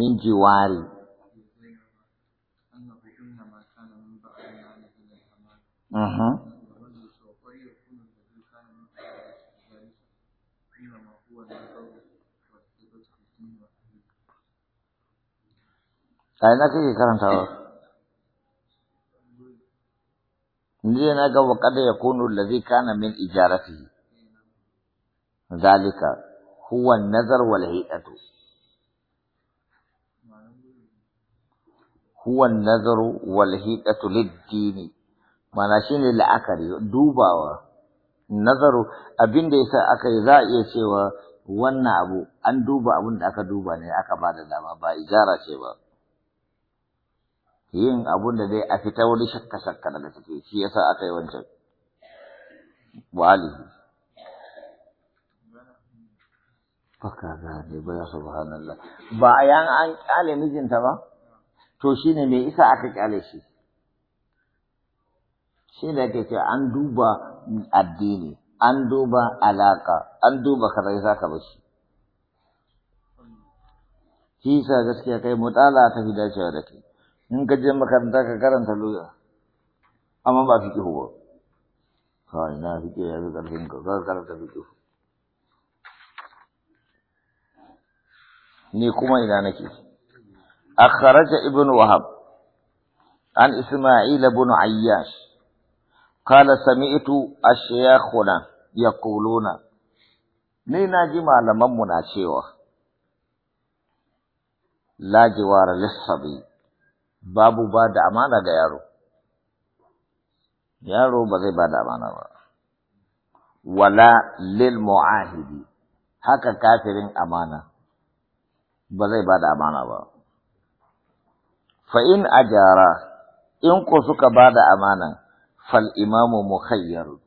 min jiwari Ai na kake karantawa. Jiya na ga waƙada ya kunu lazi kana min ijaratihi. Zalika huwa nazar huwa nazaru wal hiqatu lid-dini mana shine la'akari dubawa nazaru abin da yasa aka yi za a iya cewa wannan abu an duba abin da aka duba ne aka ba da dama ba ijara ce ba yin abun da zai a fita wani shakka shakka daga ciki shi yasa aka yi wancan walihi a gane ba subhanallah ba yan an kyale mijinta ba to shine me isa aka kyale shi shi da ke ce an duba addini an duba alaka an duba kada za ka bashi shi sa gaskiya kai mutala ta fi dacewa da kai in ka je makaranta ka karanta loya amma ba fi kihu ba kawai na fi ke ya karfin ka ka karanta fi kihu ne kuma ina nake أخرج ابن وهب عن إسماعيل بن عياش قال سمعت أشياخنا يقولون لنا جمع لما مناشيوة لا جوار للصبي باب بعد أمانة يارو يارو بذي بعد أمانة ولا للمعاهد هكا كافرين أمانة بذي بعد أمانة fa in ajara in ko suka bada amana fal imamu mukhayyar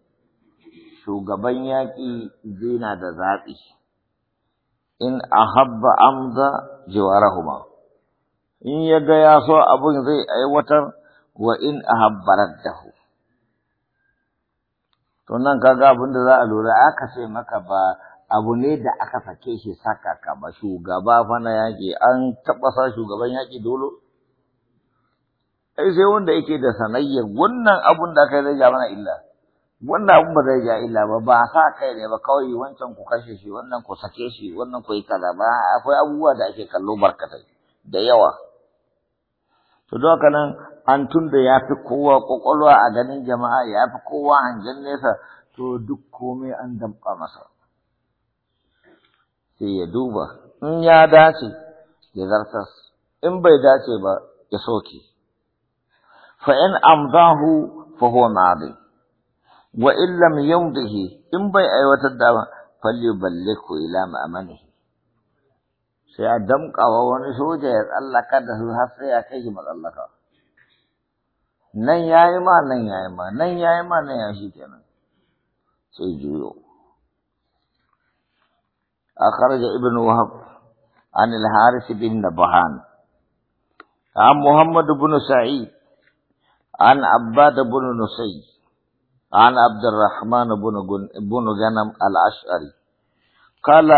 shugaban yaƙi zina da zaɓi in ahabba amza jiwarahuma in ya ga ya so abun zai aiwatar wa in ahabbarat dahu to nan kaga abin da za a lura aka ce maka ba abu ne da aka fake shi saka ka ba shugaba fa na yaƙi an taɓasa shugaban yaƙi dole ai sai wanda yake da sanayyar wannan abun da aka zai ja mana illa wannan abun ba zai ja illa ba ba sa kai ne ba kawai wancan ku kashe shi wannan ku sake shi wannan ku yi kaza ba akwai abubuwa da ake kallo barkatai da yawa to don haka nan an tunda ya fi kowa kwakwalwa a ganin jama'a ya fi kowa hangen nesa to duk komai an damƙa masa sai ya duba in ya dace ya zartas in bai dace ba ya soke فإن أمضاه فهو ماضي وإن لم يمضه إن بي أيوة الدعوة فليبلغه إلى مأمنه سيعدمك وواني سوجه الله كده حفظي أكيه من الله كا نيائي ما نيائي ما نيائي ما نيائي ما سيجيو أخرج ابن وهب عن الحارث بن نبهان عن محمد بن سعيد عن عباد بن نسي عن عبد الرحمن بن بن غنم الأشعري قال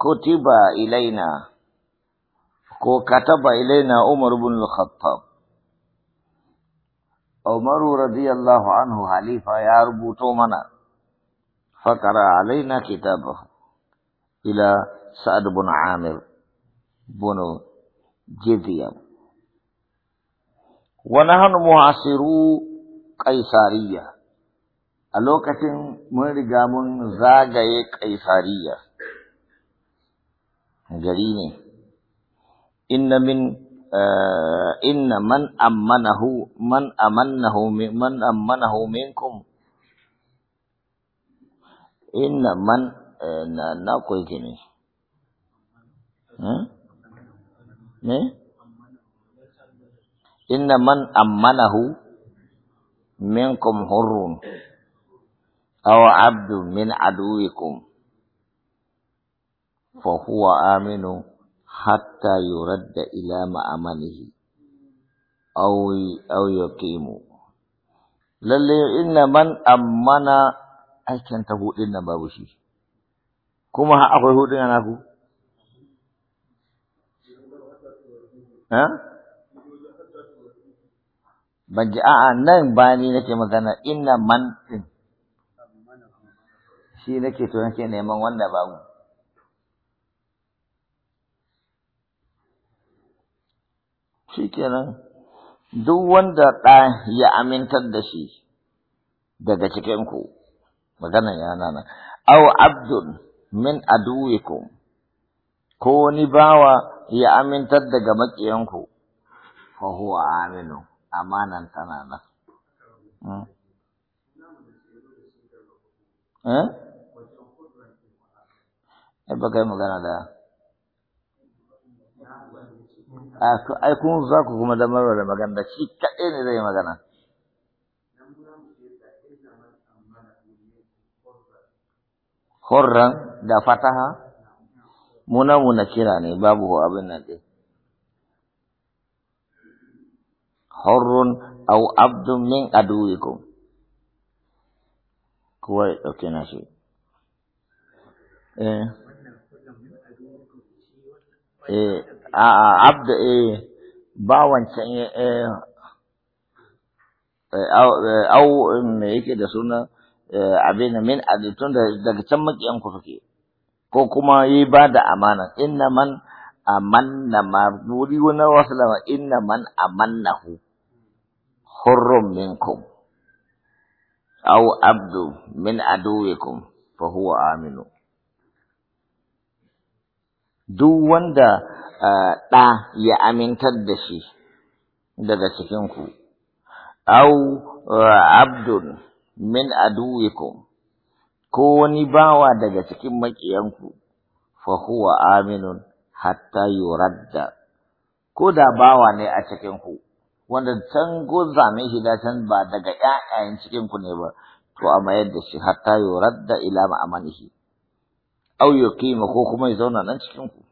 كتب إلينا كتب إلينا عمر بن الخطاب عمر رضي الله عنه حليفة يا ربوتو منا فقرأ علينا كتابه إلى سعد بن عامر بن جذيم ونحن nahnu muhasiru qaisariya a lokacin mun riga mun zagaye ƙaisariya gari ne inna min eh, inna man ammanahu man amannahu man ammanahu minkum inna man eh, na na hmm? ne ne inna man ammanahu minkum hurrun aw abdu min aduwikum fa huwa aminu hatta yuradda ila ma'amanihi aw aw yaqimu lalle inna man ammana kan ta hudin nan babu shi kuma akwai hudin anaku ku ha ban ji a'a nan ba ni nake magana inna man din shi nake to nake neman wanda babu kenan duk wanda ɗa ya amintar da shi daga cikin ku magana ya nana aw abdun min aduwikum ko ni bawa ya amintar daga maƙiyanku fa huwa aminu amanan tana nan. Hmm. Eh? Ai, eh, ba kai magana da ah, ai kun za ku kuma damar da magana da shi kaɗai ne zai magana. Horran da fataha, muna muna kira ne babu abin nan dai. hurrun aw abdum min aduwikum kowa ya ɗauke na shi eh eh a abd eh ba wancan eh, eh, eh au eh, me yake da suna abin min aditun daga can makiyan ku suke ko kuma yi ba da amana inna man amanna ma wuri wani wasu inna man amannahu hurrun minkum aw abdu min aduwikum fa huwa aminu duk wanda ɗa ya amintar da shi daga cikinku aw abdun min aduwikum ko wani bawa daga cikin makiyanku, fa huwa aminun hatta yuradda ko da bawa ne a cikinku wanda can ko zame shi da can ba daga ƴaƴayen cikin ku ne ba to a mayar da shi hatta yuradda ila ma'amanihi aw yuqima ko kuma ya zauna nan cikin ku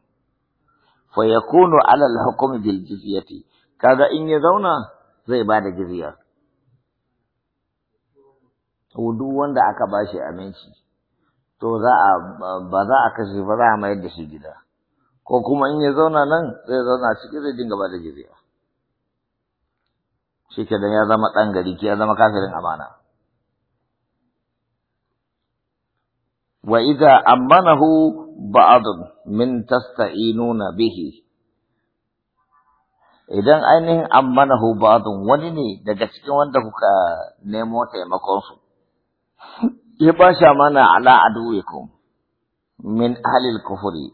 fa yakunu ala al-hukm bil jizyati kaga in ya zauna zai ba da jizya to duk wanda aka bashi aminci to za a ba za a kashe ba za a mayar da shi gida ko kuma in ya zauna nan zai zauna ciki zai dinga ba da jizya shi kenan ya zama ɗan gari ki ya zama kafirin amana wa idza amanahu ba'd min tasta'inuna bihi idan ainihin ammanahu ba'dun wani ne daga cikin wanda kuka nemo taimakon su ya ba shi amana ala aduwikum min ahlil kufri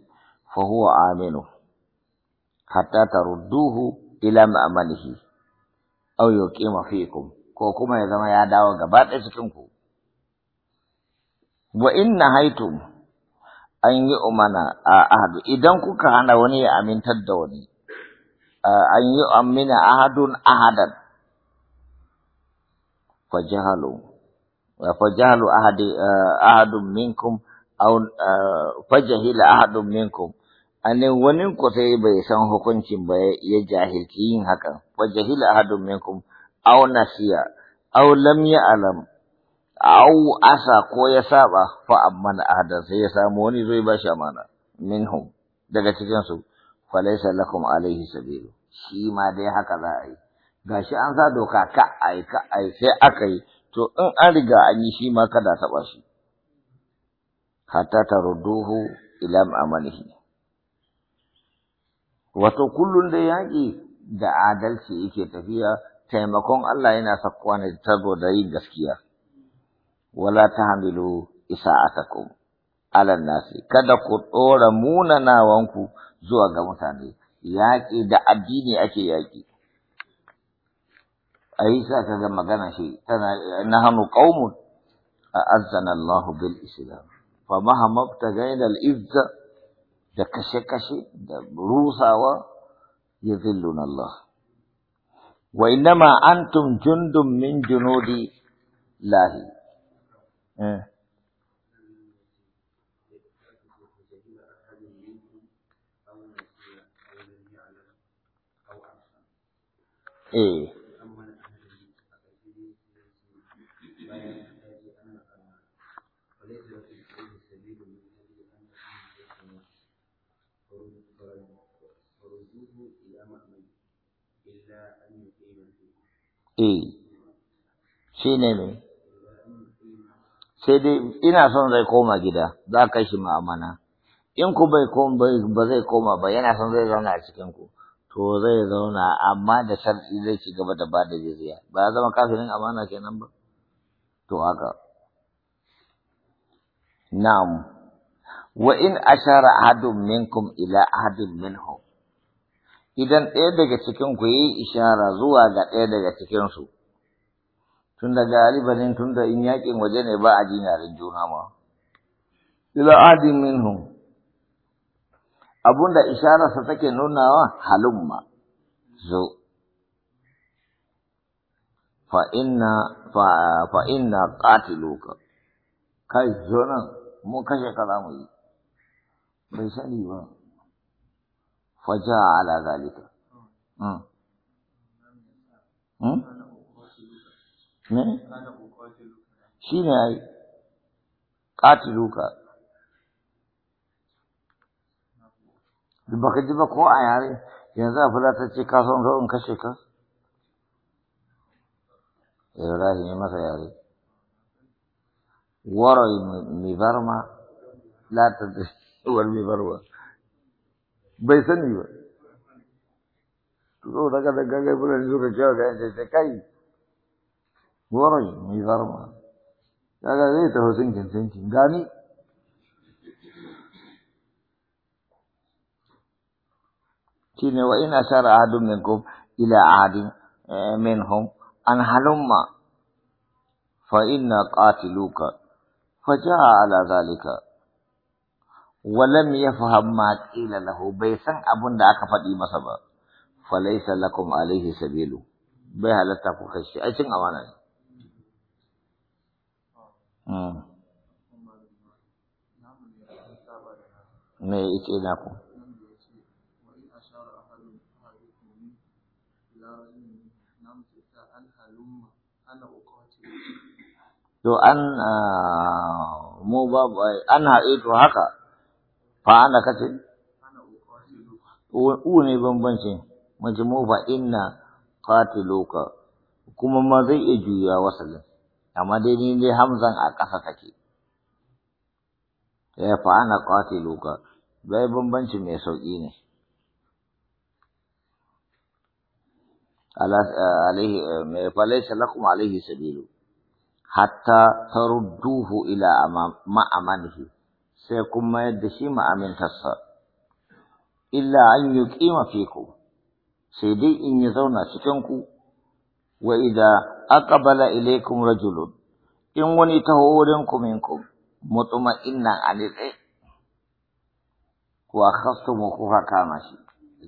fa huwa aminu hatta tarudduhu ila ma'amanihi aw yuqima fikum ko kuma ya zama ya dawo gaba ɗaya cikin ku wa inna haitu an yi umana a ahadu idan kuka hana wani ya amintar da wani an yi amina ahadun ahadan fajahalu fajahalu ahadi ahadun minkum aw fajahila ahadun minkum anin wani ku sai bai san hukuncin ba ya jahilci yin hakan wa jahila ahadun minkum aw nasiya aw lam ya'lam aw asa ko ya saba fa amman ahada sai ya samu wani zai ba shi amana minhum daga cikin su fa laysa lakum alaihi sabil shi ma dai haka za a yi gashi an sa doka ka ai ka ai sai aka yi to in an riga an yi shi ma kada taɓa shi hatta tarudduhu ila amalihi wato kullun da yaƙi da adalci yake tafiya taimakon Allah yana sakkuwa ne da yin gaskiya wala tahmilu isa'atakum ala nasi kada ku dora munanawanku zuwa ga mutane yaki da addini ake yaƙi aisha ga magana shi tana nahnu qaumun a'azzana Allah bil islam fa mahamma tagaina al izza da kashe kashe da rusawa يذلنا الله وإنما أنتم جند من جنود الله أه. إيه, إيه. shi ne ne. Sai dai ina son zai koma gida, za ka shi ma'amana. In ku bai ba zai koma ba, yana son zai zauna a cikin ku, to zai zauna amma da sharɗi zai ci gaba da bada jizya. Ba ya zama kafirin amana kenan ba? To haka. Na'am. Wa in ashara ahadun minkum ila ahadin minhum idan ɗaya daga cikin ku yi ishara zuwa ga ɗaya daga cikin su tun da galibanin tun da in yakin waje ne ba a jinarin juna ma ila adin minhum abunda sa take nunawa halumma zo fa inna fa inna qatiluka kai zo nan mu kashe ka bai sani ba فجاء على ذلك شيني اي قاتلوك دبك دبك كو اي اري ينزا يعني. فلا تشي كاسون كون كشيكا ابراهيم إيه، مسا ياري يعني. وراي ميبرما لا تدري هو الميبرما بيتني بقى تقول ده كده جاي يقول انزل الجو جاي انت كاي وراي مي غرمه يا غالي ته حسين كان سنتي غاني كين وين اشار احد منكم الى احد آه، منهم ان هلم فان قاتلوك فجاء على ذلك walam yafham ma qila lahu bai san abun da aka faɗi masa ba falaysa lakum alaihi sabilu bai halatta ku kai shi a cin amana ne hmm. me yake na ku to an ah, mu babu an haɗe to haka fa'ala kace u ne bambancin mu fa inna qatiluka kuma ma zai iya juya wasalin amma dai ni dai hamzan a ƙasa take ya eh, fa'ana qatiluka bai bambanci mai sauƙi ne eh, alaihi eh, mai falaisa kuma alaihi sabilu hatta tarudduhu ila ma'amanihi sai kun mayar da shi ma'amintarsa illa an yi ƙima ku. sai dai in ya zauna cikin ku wa bala bala ilaykum rajulun in wani taho wurin ku nitse, ku a wa mu kuka kama shi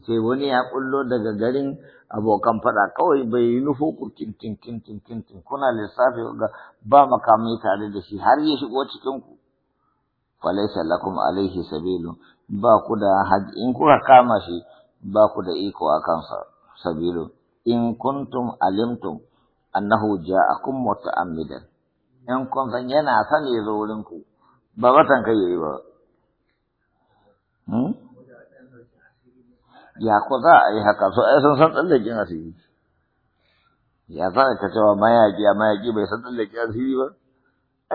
sai wani ya kullo daga garin abokan fada kawai bai yi nufo ku tintin tintin tintin kuna lissafi ga ba makami tare da shi har ya shigo cikinku. falaisa lakum alaihi sabilu ba ku da haji in kuka kama shi ba ku da iko a kansa sabilu in kuntum alimtum annahu ja'akum muta'ammidan in kun san yana sani zo wurin ku ba watan kai yayi ba hmm? ya ku za a yi haka so ai sun san tsallakin asiri ya za ka cewa mayaƙi a mayaƙi bai san tsallakin asiri ba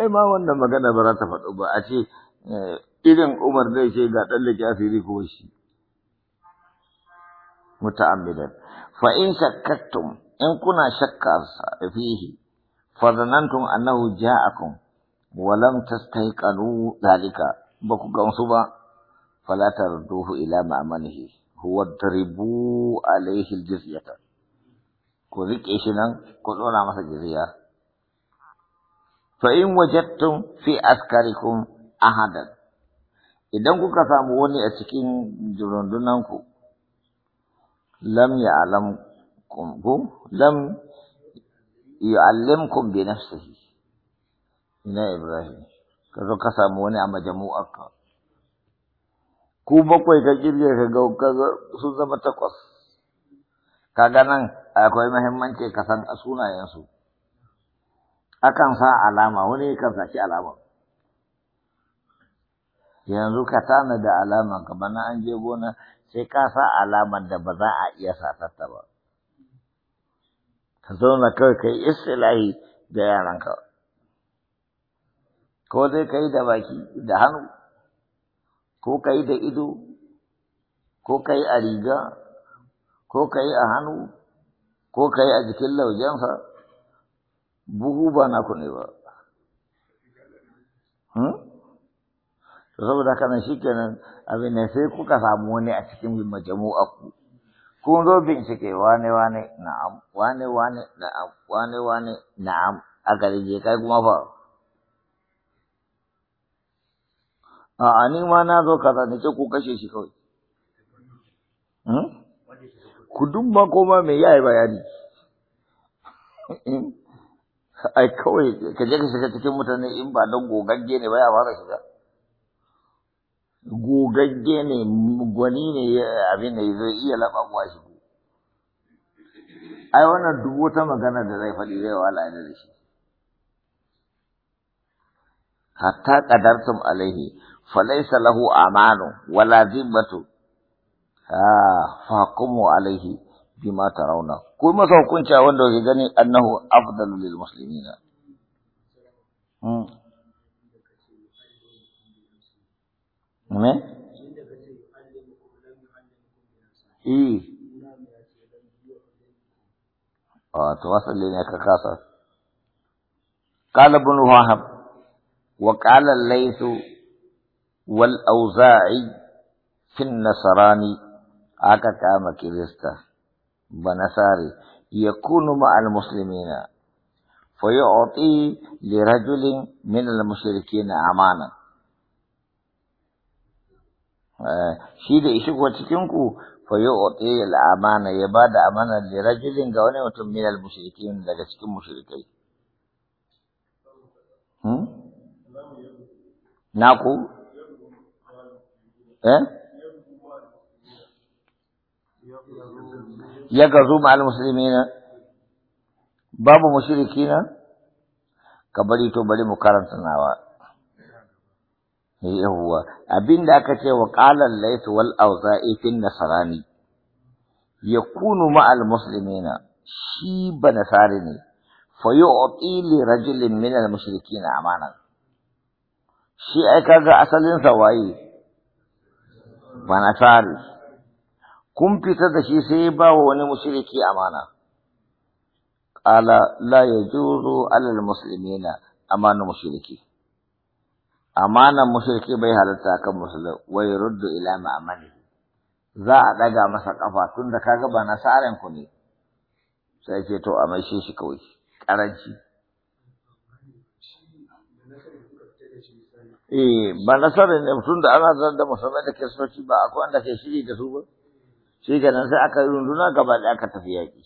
ai ma wannan magana ba za ta faɗo ba a ce Eh, irin Umar zai ce ga ɗan da asiri ko shi muta'ammidan fa in shakkattum in kuna shakka fihi fa zanantum annahu ja'akum wa lam tastayqanu dalika ba ku gamsu ba fala tarduhu ila ma'manihi huwa daribu alaihi aljizyata ku rike shi nan ku dora masa jizya fa in wajadtum fi askarikum ahadan idan kuka samu wani a cikin jirundunanku, lam kungu, lam yu'allimkum bi nafsihi ina ibrahim ka zo ka samu wani a majamu'arka ku bakwai ka kirge ka ga sun zama takwas kaga nan akwai mahimmanci ka san sunayensu akan sa alama wani kan sa shi alama yanzu ka tana da alaman ka bana an je gona sai ka sa alamar da ba za a iya satatta ba ka zauna kawai ka yi istilahi da yaranka ko dai ka yi da baki da hannu ko ka yi da ido ko ka yi a riga ko ka yi a hannu ko ka yi a jikin laujensa buhu ba ku ne ba saboda haka nan shikenan abin ne sai kuka samu wani a cikin majmu'aku kun zo bincike wane wane na'am wane wane na'am wane wane na'am gari je kai kuma fa a'a ni ma na zo kaza ne ce ku kashe shi kawai hmm? ku ko ma me yayi bayani ai kawai ka je ka shiga cikin mutane in ba don gogagge ne ba ya fara shiga gogagge ne gwani ne abin da zai iya laɓa shi ai wannan dubu ta magana da zai faɗi zai wala da shi hatta qadartum alaihi falaysa lahu amanu wala zimmatu ah faqumu alaihi bima tarawna ko masa hukunci wanda zai gani annahu afdalu lil muslimina hmm. ما إيه آه تواصل لنا كخاصة قال ابن وهب وقال الليث والأوزاعي في النصراني آكا كاما كريستا بنصاري يكون مع المسلمين فيعطي لرجل من المشركين أمانة Eh, shi da ishi kuwa cikin ku fa yi al-amana ya ba da amana da rajulin ga wani mutum min al daga cikin mushrikai hmm? naku eh? ya gazu ma al na babu na? ka bari to bari mu karanta nawa yawwa abinda aka ce wa qalan laitu wal auza'i fin nasrani yakunu ma'al muslimina shi ba nasari ne fa yu'ti li rajulin min al mushrikin amanan shi ai kaga asalin sa waye ba nasari kun fita da shi sai ba wa wani mushriki amana qala la yajuzu alal muslimina amanu mushriki amanan musulki bai halatta kan musulun wai ruddu ila ma'amali za a daga masa kafa tun da kaga ba nasaran ku ne sai ke to a maishe shi kawai karanci eh ba nasarar ne tun da ana zan da musulmai da kiristoci ba akwai wanda ke shiri da su ba shi nan sai aka yi runduna gaba da aka tafi yaƙi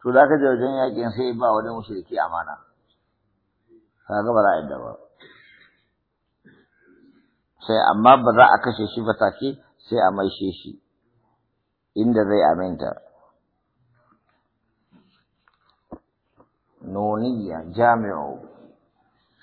to da ka je wajen yaƙin sai ba wani musulki amana kaga ba ra'ayin da ba sai amma ba za a kashe shi ba take sai a maishe shi inda zai aminta noniya jami'u